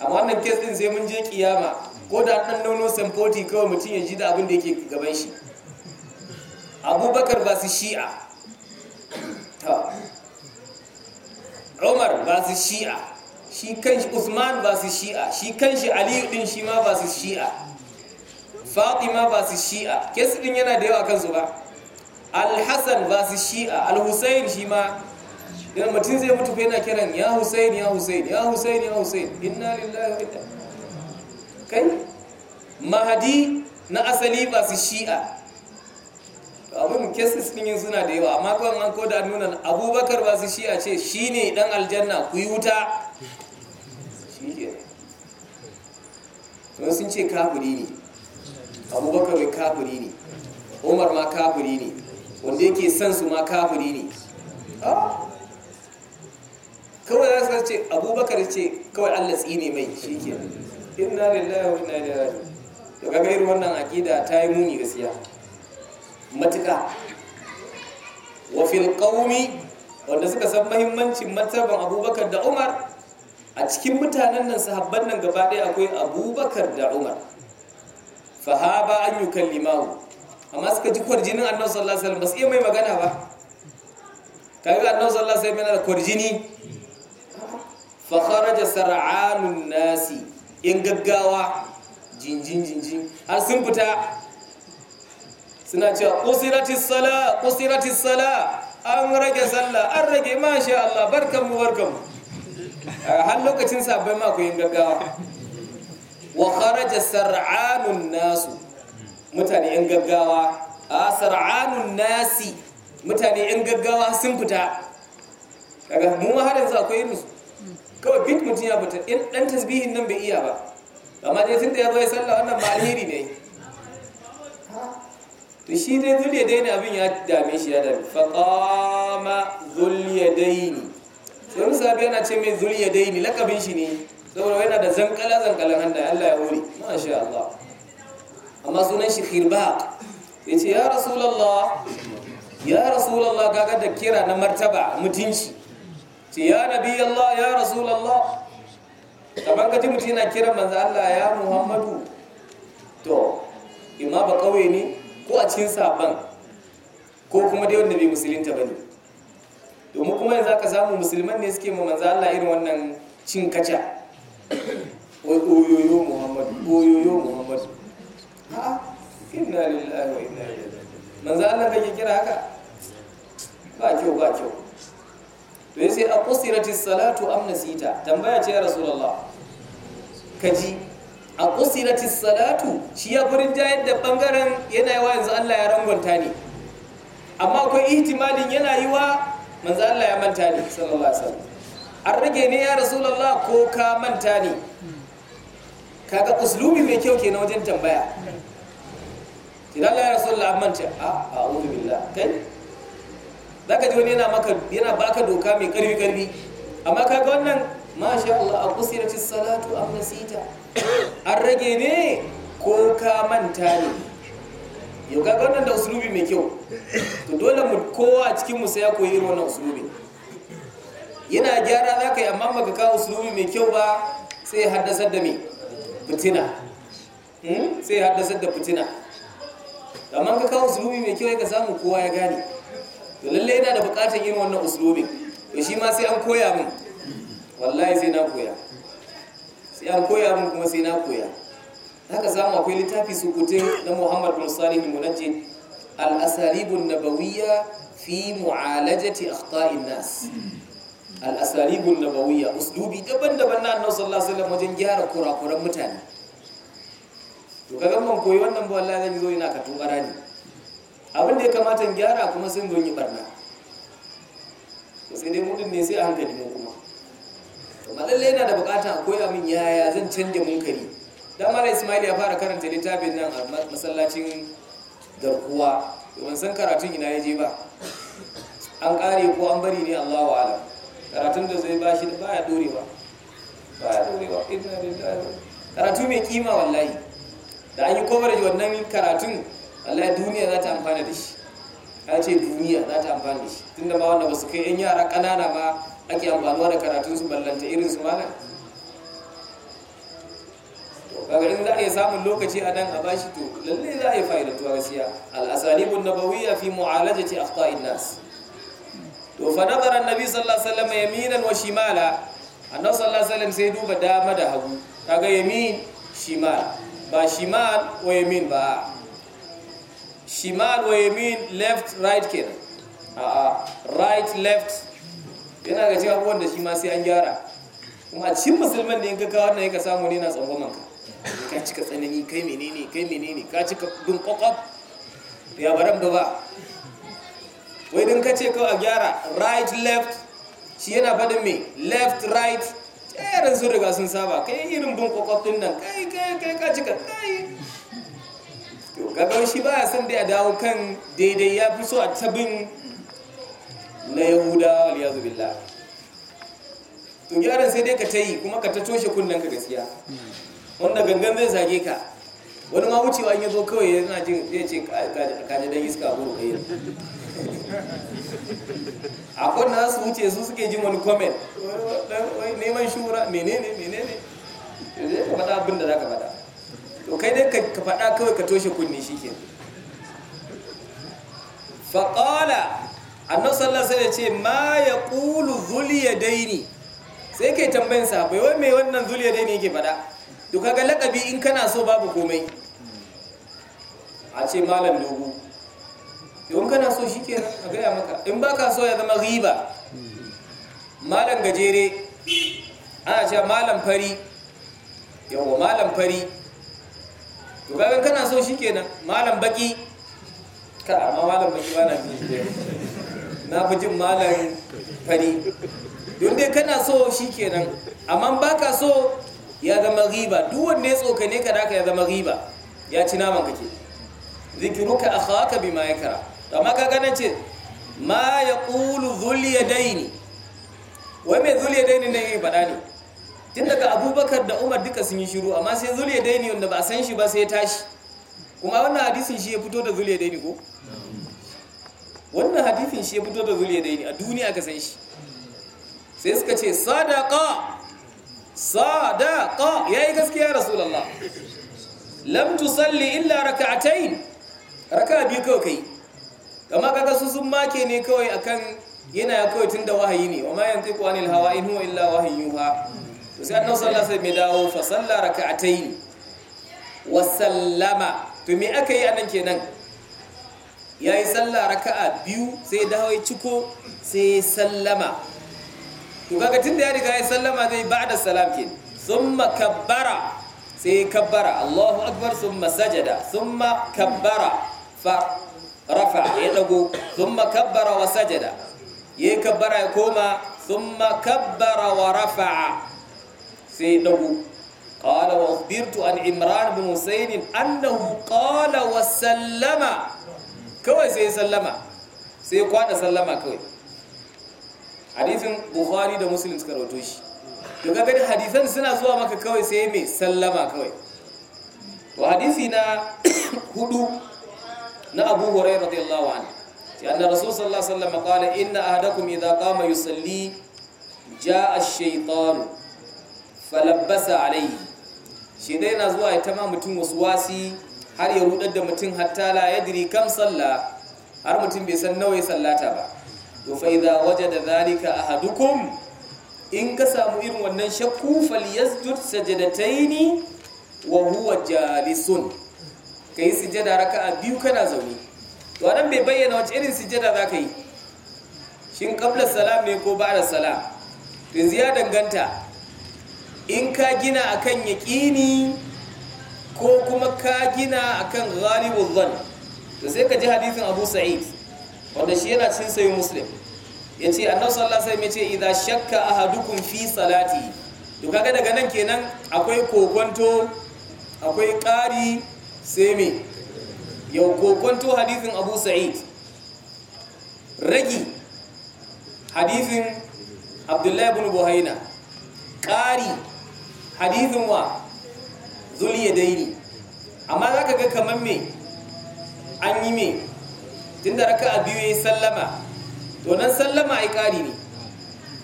amma wannan kes din sai mun je kiyama ko da dan nono samfoti kawai mutum ya ji da abin da yake gaban shi abubakar ba su shi'a umar ba su shi'a shi kanshi usman ba su shi'a shi kanshi aliyu din shi ma ba su shi'a fatima ba su shi'a kes din yana da yawa kansu ba al-hasan ba su shi'a al-husayn shi ma dan mutum zai mutu na kiran ya Hussein ya Hussein ya Hussein ya Hussein inna lillahi wa inna kai mahadi na asali ba su shi'a abin cases din suna da yawa amma kawai an koda nuna abubakar ba su shi'a ce shi ne dan aljanna ku yi wuta shi ne sun ce kafiri ne abubakar mai kafiri ne umar ma kafiri ne wanda yake son su ma kafiri ne ah! kawai za su ce abubakar ce kawai allah tsini mai shi ke inna lillahi wa inna ilaihi raji'un to ga gairu wannan aqida ta yi muni gaskiya matuka wa fil qaumi wanda suka san mahimmancin martaban abubakar da umar a cikin mutanen nan sahabban nan gaba ɗaya akwai abubakar da umar ba an yi kallimahu amma suka ji kwarjinin annabi sallallahu alaihi wasallam ba su iya mai magana ba kaga annabi sallallahu alaihi wasallam yana da kwarjini fa kharaja sar'anun nasi in gaggawa jinjin jinjin har sun fita suna cewa qusiratis sala qusiratis sala an rage sallah an rage masha Allah barkanmu barkanmu eh, har lokacin sabbai ma ku yin gaggawa wa kharaja sar'anun nasu mutane yan gaggawa a sar'anun nasi mutane yan gaggawa sun fita daga mu har yanzu akwai musu kawai fit mutum ya buta in dan tasbihin nan bai iya ba amma dai tun da ya zo ya sallah wannan ba alheri ne to shi dai zuliya daini abin ya dame shi ya dame faqama zuliya daini sai musa yana ce mai zuliya daini lakabin shi ne saboda yana da zankala zankalan hannaye Allah ya hore masha Allah amma sunan shi khirbaq yace ya rasulullah ya rasulullah kaga da kira na martaba mutunci ci ya nabi Allah ya rasulullah kamar ka ji mutum yana kiran manzo Allah ya Muhammadu to imma ba kauye ne ko a cikin saban ko kuma dai wanda bai musulunta ne. domin kuma yanzu aka samu musulman ne suke ma manzo Allah irin wannan cin kaca wai oyoyo Muhammadu oyoyo Muhammadu ha inna lillahi wa inna ilaihi manzo Allah kake kira haka ba kyau ba kyau da yace a qusirati salatu am nasita tambaya ce ya rasulullah kaji a qusirati salatu shi ya furin jayar da ɓangaren yana wa yanzu Allah ya rangonta ne amma akwai ihtimalin yana wa manzan Allah ya manta ne sallallahu alaihi an rage ne ya rasulallah ko ka manta ne kaga uslubi mai kyau ke na wajen tambaya idan Allah ya rasulullah manta a ah, a'udhu billah kai za ka ji wani yana maka yana baka doka mai karfi karfi amma ga wannan masha Allah a kusirati salatu an nasita an rage ne ko ka manta ne yau ga wannan da usulubi mai kyau to dole mu kowa a cikin mu sai ya koyi irin wannan usulubi yana gyara za ka yi amma maka kawo usulubi mai kyau ba sai ya haddasar da me fitina hmm? sai ya haddasar da fitina amma ka kawo usulubi mai kyau ya ka samu kowa ya gane to lallai yana da bukatar yin wannan uslubin to shi ma sai an koya min wallahi sai na koya sai an koya min kuma sai na koya haka samu akwai littafi sukutun na Muhammad bin Salih al-Munajjid al-asalibun nabawiyya fi mu'alajati akhta'in nas al-asalibun nabawiyya uslubi daban-daban na Annabi sallallahu alaihi wasallam wajen gyara kurakuran mutane to kaga mun koyi wannan ba wallahi zan zo ina ka tubara ne abin da ya kamata gyara kuma sun zo yi barna sai dai mudin ne sai a hankali mu kuma to malalle yana da bukata akwai abin yaya zan canja munkari dan mara Ismail ya fara karanta littafin nan a masallacin garkuwa Ban san karatun ina yaje ba an kare ko an bari ne Allahu a'lam karatun da zai bashi da baya dorewa baya dorewa inna lillahi karatu mai kima wallahi da an yi coverage wannan karatun Allah duniya za ta amfana da shi ya ce duniya za ta amfana da shi tunda ma wanda ba su kai yan yara ƙanana ba ake amfanuwa da karatun su ballanta irin su malam kaga in za a yi samun lokaci a nan a ba shi, to lalle za a yi fa'idatuwa gaskiya al-asalibun nabawiyya fi mu'alajati akhta'in nas to fa nadara annabi sallallahu alaihi wasallam yaminan wa shimala annabi sallallahu alaihi wasallam sai duba dama da hagu kaga yamin shimal ba shimal wa yamin ba shimal wa yamin left right kenan a'a right left yana ga cewa abubuwan da shi ma sai an gyara kuma cin musulman da in ka kawo wannan ka samu ne na tsangwaman ka ka cika tsanani kai menene kai menene ka cika bin kokop ya baram da ba wai din ka ce kawai a gyara right left shi yana faɗin me left right yaran sun riga sun saba kai irin bin kokop din nan kai kai kai ka cika kai to shi ba san dai a dawo kan daidai ya fi so a tabin na Yahuda waliyazu billah to gyaran sai dai ka ta yi kuma ka ta toshe kunnen ka gaskiya wanda gangan zai zage ka wani ma wucewa in ya zo kawai yana jin zai ce kaji dan iska a gurin kai (laughs) akwai na su wuce su suke jin wani comment neman shura menene menene zai ka faɗa abin da za ka faɗa to kai dai ka faɗa kawai ka toshe kunni shike fa qala annabi sai alaihi wasallam ce ma yaqulu dhul daini sai ke tambayin sa bai wai mai wannan ya daini yake faɗa to kaga lakabi in kana so babu komai a ce malam dogo in kana so ke a gaya maka in ba ka so ya zama riba malam gajere ana cewa malam fari yawwa malam fari to kaga kana so shikenan malam baki ka amma malam baki ba na fi na fi jin malam fari don dai kana so shikenan amma baka so ya zama riba duk wanda ya tsokane ka daka ya zama riba ya ci naman kake zikiruka akhaka bima yakra amma ka nan ce ma yaqulu dhul yadaini wai mai dhul yadaini ne ya faɗa ne tun daga abubakar da umar duka sun yi shiru amma sai zuliya daini wanda ba san shi ba sai tashi kuma wannan hadisin shi ya fito da zuliya daini ko wannan hadisin shi ya fito da zuliya daini a duniya ka san shi sai suka ce sadaqa sadaqa yayi gaskiya rasulullah lam tusalli illa rak'atayn raka biyu kawai kai amma kaga su sun make ne kawai akan yana kawai tunda wahayi ne wa ma kai anil hawa in huwa illa wahyuha sai annabi sallallahu sai mai dawo fa salla raka'atayn wa sallama to me aka yi anan kenan Ya yayi raka a biyu sai ya dawo ya ciko sai ya sallama to kaga da ya riga ya sallama zai ba da salam ke sun makabbara sai kabbara Allahu akbar sun sajada sun makabbara fa rafa ya dago sun makabbara wa sajada ya kabbara ya koma sun makabbara wa rafa'a sai dago qala wa Birtu an imran bin husayn annahu qala wa sallama kawai sai sallama sai kwada sallama kawai hadisin Buhari da muslim suka rawato shi to kaga da hadisan suna zuwa maka kawai sai mai sallama kawai wa hadisi na (coughs) hudu na abu hurairah radiyallahu anhu أن الرسول صلى الله عليه وسلم قال إن أحدكم إذا قام يصلي جاء الشيطان falabbasa alaihi shi dai yana zuwa ya tama mutum wasu wasi har ya rudar da mutum hatta la yadri kam salla har mutum bai san nawa ya sallata ba to fa idza wajada dhalika ahadukum in ka samu irin wannan shakku falyasjud sajadataini wa huwa jalisun kai sujada raka'a biyu kana zaune to bai bayyana wace irin sujada zaka yi shin qabla salam ne ko ba'da salam yanzu ya danganta in ka gina akan yaƙini ko kuma ka gina akan ghalibul zan to sai ka ji hadisin Abu Sa'id wanda shi yana cin sayi Muslim yace Annabi sallallahu sai wasallam yace idan shakka a hadukun fi salati to kaga daga nan kenan akwai kokonto akwai ƙari sai me yau kokonto hadithin Abu Sa'id ragi hadithin Abdullahi bin Buhaina ƙari hadithin wa zuliya daini amma za ka ga kamar me an yi me tun da raka a biyu ya yi sallama to nan sallama ai ƙari ne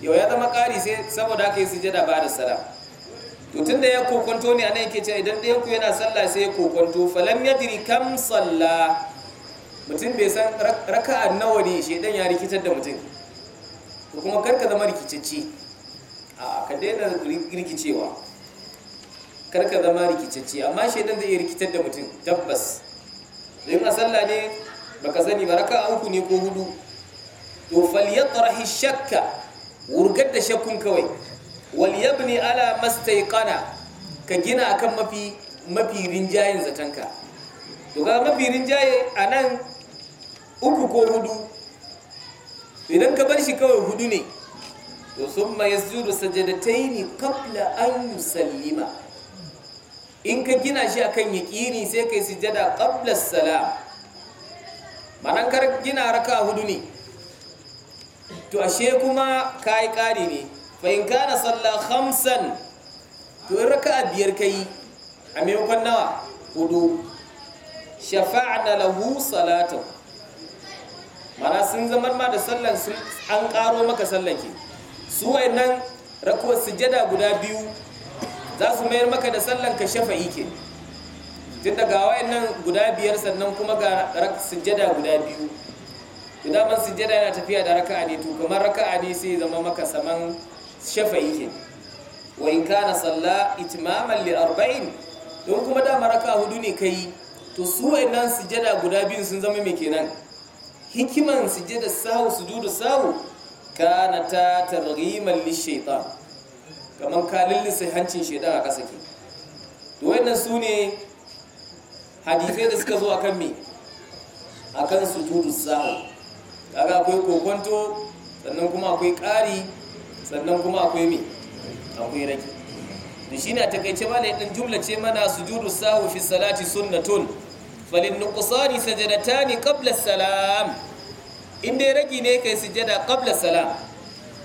yau ya zama ƙari sai saboda aka yi sujada ba da salam to tun da ya kokonto ne a nan yake cewa idan ɗayan ku yana sallah sai ya kokonto falam diri kam sallah mutum bai san raka a nawa ne shedan ya rikitar da mutum ko kuma karka zama rikicicci a ka daina rikicewa kar ka zama rikicacce amma shaidan zai iya rikitar da mutum tabbas in a sallah ne baka sani ba raka uku ne ko hudu to falyatrahi shakka wurgar da shakkun kawai wal ala mastayqana ka gina akan mafi mafi rinjayen zatanka to ga mafi rinjaye nan uku ko hudu idan ka bar shi kawai hudu ne to zuru sajadatai sajadataini kafla an Salima. in ka gina shi akan yaƙini sai kai sujada qabla salam manan kar gina raka hudu ne to ashe kuma kai kare ne fa in kana salla khamsan to in raka biyar kai a maimakon nawa hudu shafa'na lahu salatu. mana sun zama ma da sallan sun an karo maka sallan ki. su wayannan rakuwar sujada guda biyu za su mayar maka da sallan ka shafa ike tun daga nan guda biyar sannan kuma ga sujjada guda biyu daman sujjada yana tafiya da raka'a ne to kamar raka'a ne sai zama maka saman shafa ike wa in kana salla itmaman li arba'in don kuma dama raka hudu ne kai to su wayannan sujjada guda biyun sun zama mai kenan hikiman sujjada sahu sujudu sahu kana ta targhiman lishaitan kamar ka sai hancin shaidan a ƙasa ke to wannan su ne hadisai da suka zo a kan me a kan sujudu sahu kaga akwai kokonto sannan kuma akwai ƙari sannan kuma akwai me akwai raki da shi na takaice ma ɗan jumla ce mana su juru sahu fi salati sunnatun falin sajadata ni ƙabla salam inda ragi ne kai sujada qabla salam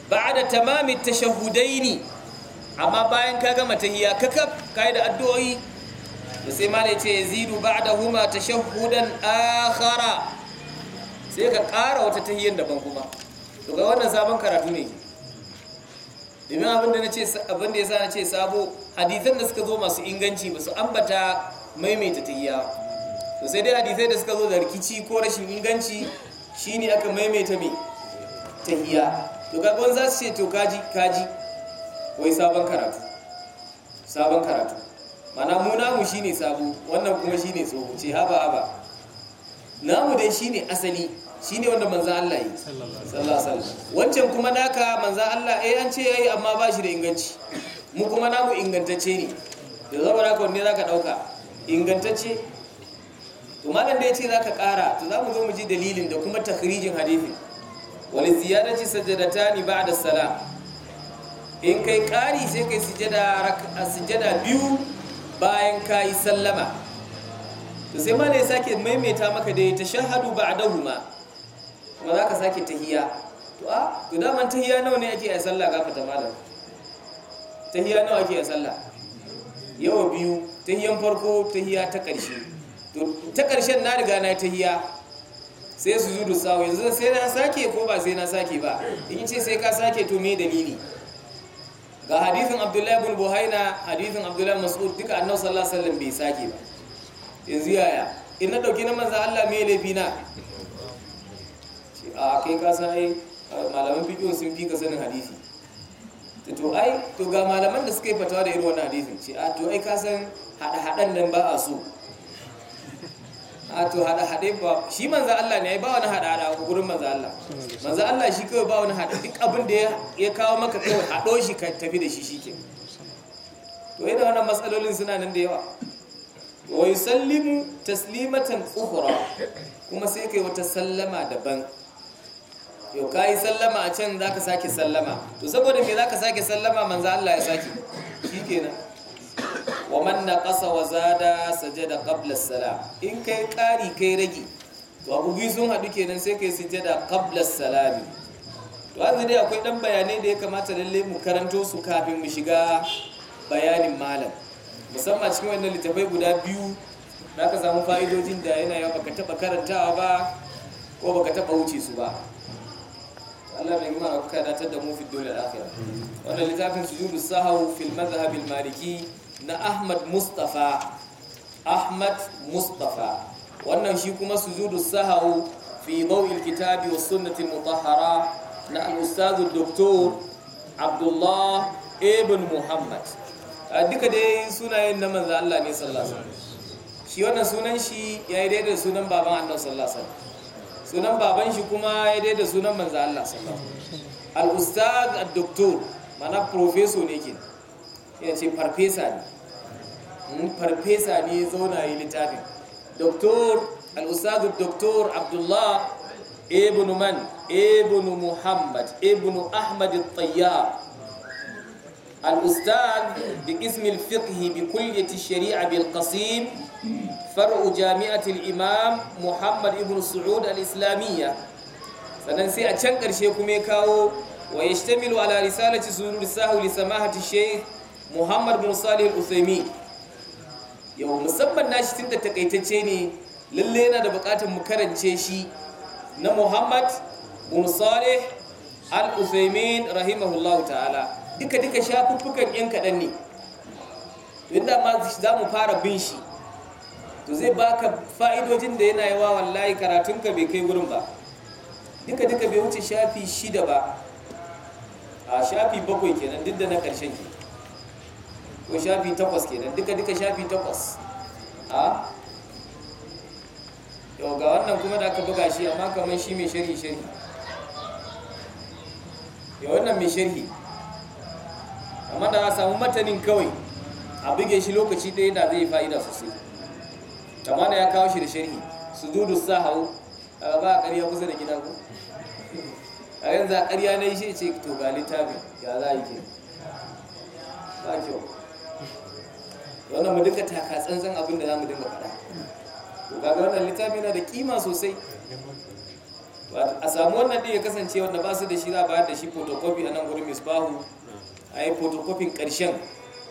ba'da tamami tashahudaini amma bayan ka gama ta tahiyya ka yi da addu'o'i to sai ma ce yazidu ba'dahuma tashahhudan akhara sai ka ƙara wata ta hiyan daban kuma to ga wannan sabon karatu ne domin abin da ya sa na ce sabo hadithan da suka zo masu inganci ba su ambata maimaita tahiyya to sai dai hadithai da suka zo da rikici ko rashin inganci shine aka maimaita mai ta tahiyya to kaga za su ce to kaji kaji wai sabon karatu sabon karatu mana mu namu shine sabo wannan kuma shine tsoho ce haba haba namu dai shine asali shine wanda manzo Allah yi sallallahu alaihi wancan kuma naka manzo Allah eh an ce yayi amma ba shi da inganci mu kuma namu ingantacce ne da zabara ka wanne zaka dauka ingantacce to malam da yace zaka kara to zamu zo mu ji dalilin da kuma takhrijin hadisi wal ziyadati sajadatani ba'da salat in kai ƙari sai kai sujada biyu bayan ka yi sallama to sai ne sake maimaita maka da ta shahadu ba a dahuma kuma za ka sake tahiya to a to daman tahiya nawa ne ake a sallah gafata malam tahiya nawa ake a sallah yawa biyu tahiyan farko tahiya ta ƙarshe to ta ƙarshen na riga na tahiya sai su zudu sawo yanzu sai na sake ko ba sai na sake ba in ce sai ka sake to me dalili ga hadithin abdullahi bin buhaina hadithin abdullahi mas'ud duka annabi sallallahu alaihi wasallam bai sake ba yanzu yaya in na dauki na manzo Allah me laifi na a kai ka san ai malaman fiqh sun fi ka sanin hadisi to ai to ga malaman da suka yi fatawa da irin wannan hadisin ce a to ai ka san hada hadan nan ba a so a to hada hade ba shi manzo Allah ne ba wani hada hada gurin manzo Allah manzo Allah shi kawai ba wani hada duk abin da ya kawo maka kawai hado shi ka tafi da shi shi ke. to yana wannan matsalolin suna nan da yawa wa yusallimu taslimatan ukhra kuma sai kai wata sallama daban yau kai sallama a can zaka sake sallama to saboda me zaka sake sallama manzo Allah ya sake shikenan wa man ƙasa wa zada sajada da as-salam in kai ƙari kai rage to abubuwi sun haɗu kenan sai kai da da sala salami to an zai akwai ɗan bayanai da ya kamata lalle mu karanto su kafin mu shiga bayanin malam musamman cikin wannan littafai guda biyu ka samu fa'idojin da yana yawa baka taɓa karantawa ba ko baka taɓa wuce su ba Allah bai gima da kuka da mu fi dole da wannan littafin sujudu sahaw fil madhhab maliki na ahmad mustafa ahmad mustafa wannan shi kuma sujudu sahau fi dawil kitabi was sunnati mutahhara na al-ustaz doktor abdullah ibn muhammad duka dai sunayen na manzo Allah ne sallallahu alaihi wasallam shi wannan sunan shi yayi daidai da sunan baban Annabi sallallahu alaihi wasallam sunan baban shi kuma ya daidai da sunan manzo Allah sallallahu alaihi wasallam al-ustaz ad-doktor mana professor ne kenan ya ce farfesa ne farfesa ne zo na yi littafin doktor al'usadu doktor abdullah ibn man ibn muhammad ibn ahmad al-tayyar الأستاذ باسم الفقه بكلية الشريعة بالقصيم فرع جامعة الإمام محمد ابن سعود الإسلامية sannan sai a can ƙarshe kuma ya kawo wa ya shtamilu ala risalati surur sahu li samahati shaykh muhammad bin usaimi yau musamman nashi tun da takaitacce ne lalle yana da bukatar mu karance shi na muhammad musale al usaimin rahimahullahu ta'ala duka duka shafuffukan yan kaɗan ne inda ma za mu fara bin shi to zai baka fa'idojin da yana yawa wallahi karatunka bai kai gurin ba duka duka bai wuce shafi shida ba a shafi bakwai kenan duk da na ƙarshen kenan ko shafi takwas kenan duka duka shafi takwas a yau ga wannan kuma da aka buga shi amma kamar shi mai sharhi sharhi ya wannan mai sharhi amma da samu matanin kawai a buge shi lokaci ɗaya da zai fa'ida sosai amma da ya kawo shi da sharhi su dudu sa hau a ba a ƙarya kusa da gida ku a yanzu a ƙarya na yi shi ce to ga littafin ya za a yi ke ba kyau wannan mu duka taka tsantsan abin da za mu dinga faɗa to kaga wannan littafi yana da kima sosai a samu wannan din ya kasance wanda ba su da shi za a bayar da shi photocopy a nan gurin misbahu a yi photocopy ƙarshen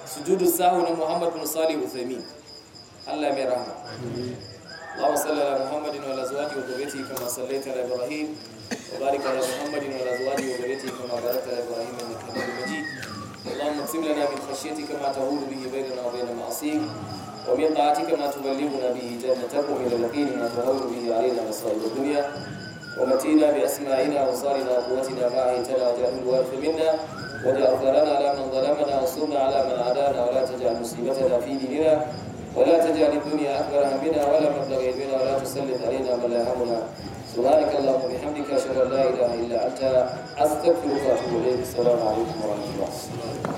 sujudu sahu na muhammad bin salih uthami allah mai rahama Allah wa sallala muhammadin wa lazuwaji wa وعلى ازواجه وذريته كما ibrahim wa barika da muhammadin wa lazuwaji wa وذريته كما باركت على ibrahim انك حميد اللهم اقسم لنا من خشيتك ما تهول به بيننا وبين معصيك ومن طاعتك ما تبلغنا به جنتك ومن اليقين ما تهول به علينا مصائب الدنيا ومتينا بأسمائنا وصالنا وقوتنا ما أهيتنا وجعله الوارث منا واجعل لنا على من ظلمنا وانصرنا على من عادانا ولا تجعل مصيبتنا في ديننا ولا تجعل الدنيا أكبر همنا ولا مبلغ علمنا ولا تسلط علينا من لا همنا سبحانك اللهم وبحمدك اشهد ان لا اله الا انت استغفرك واتوب اليك السلام عليكم ورحمه الله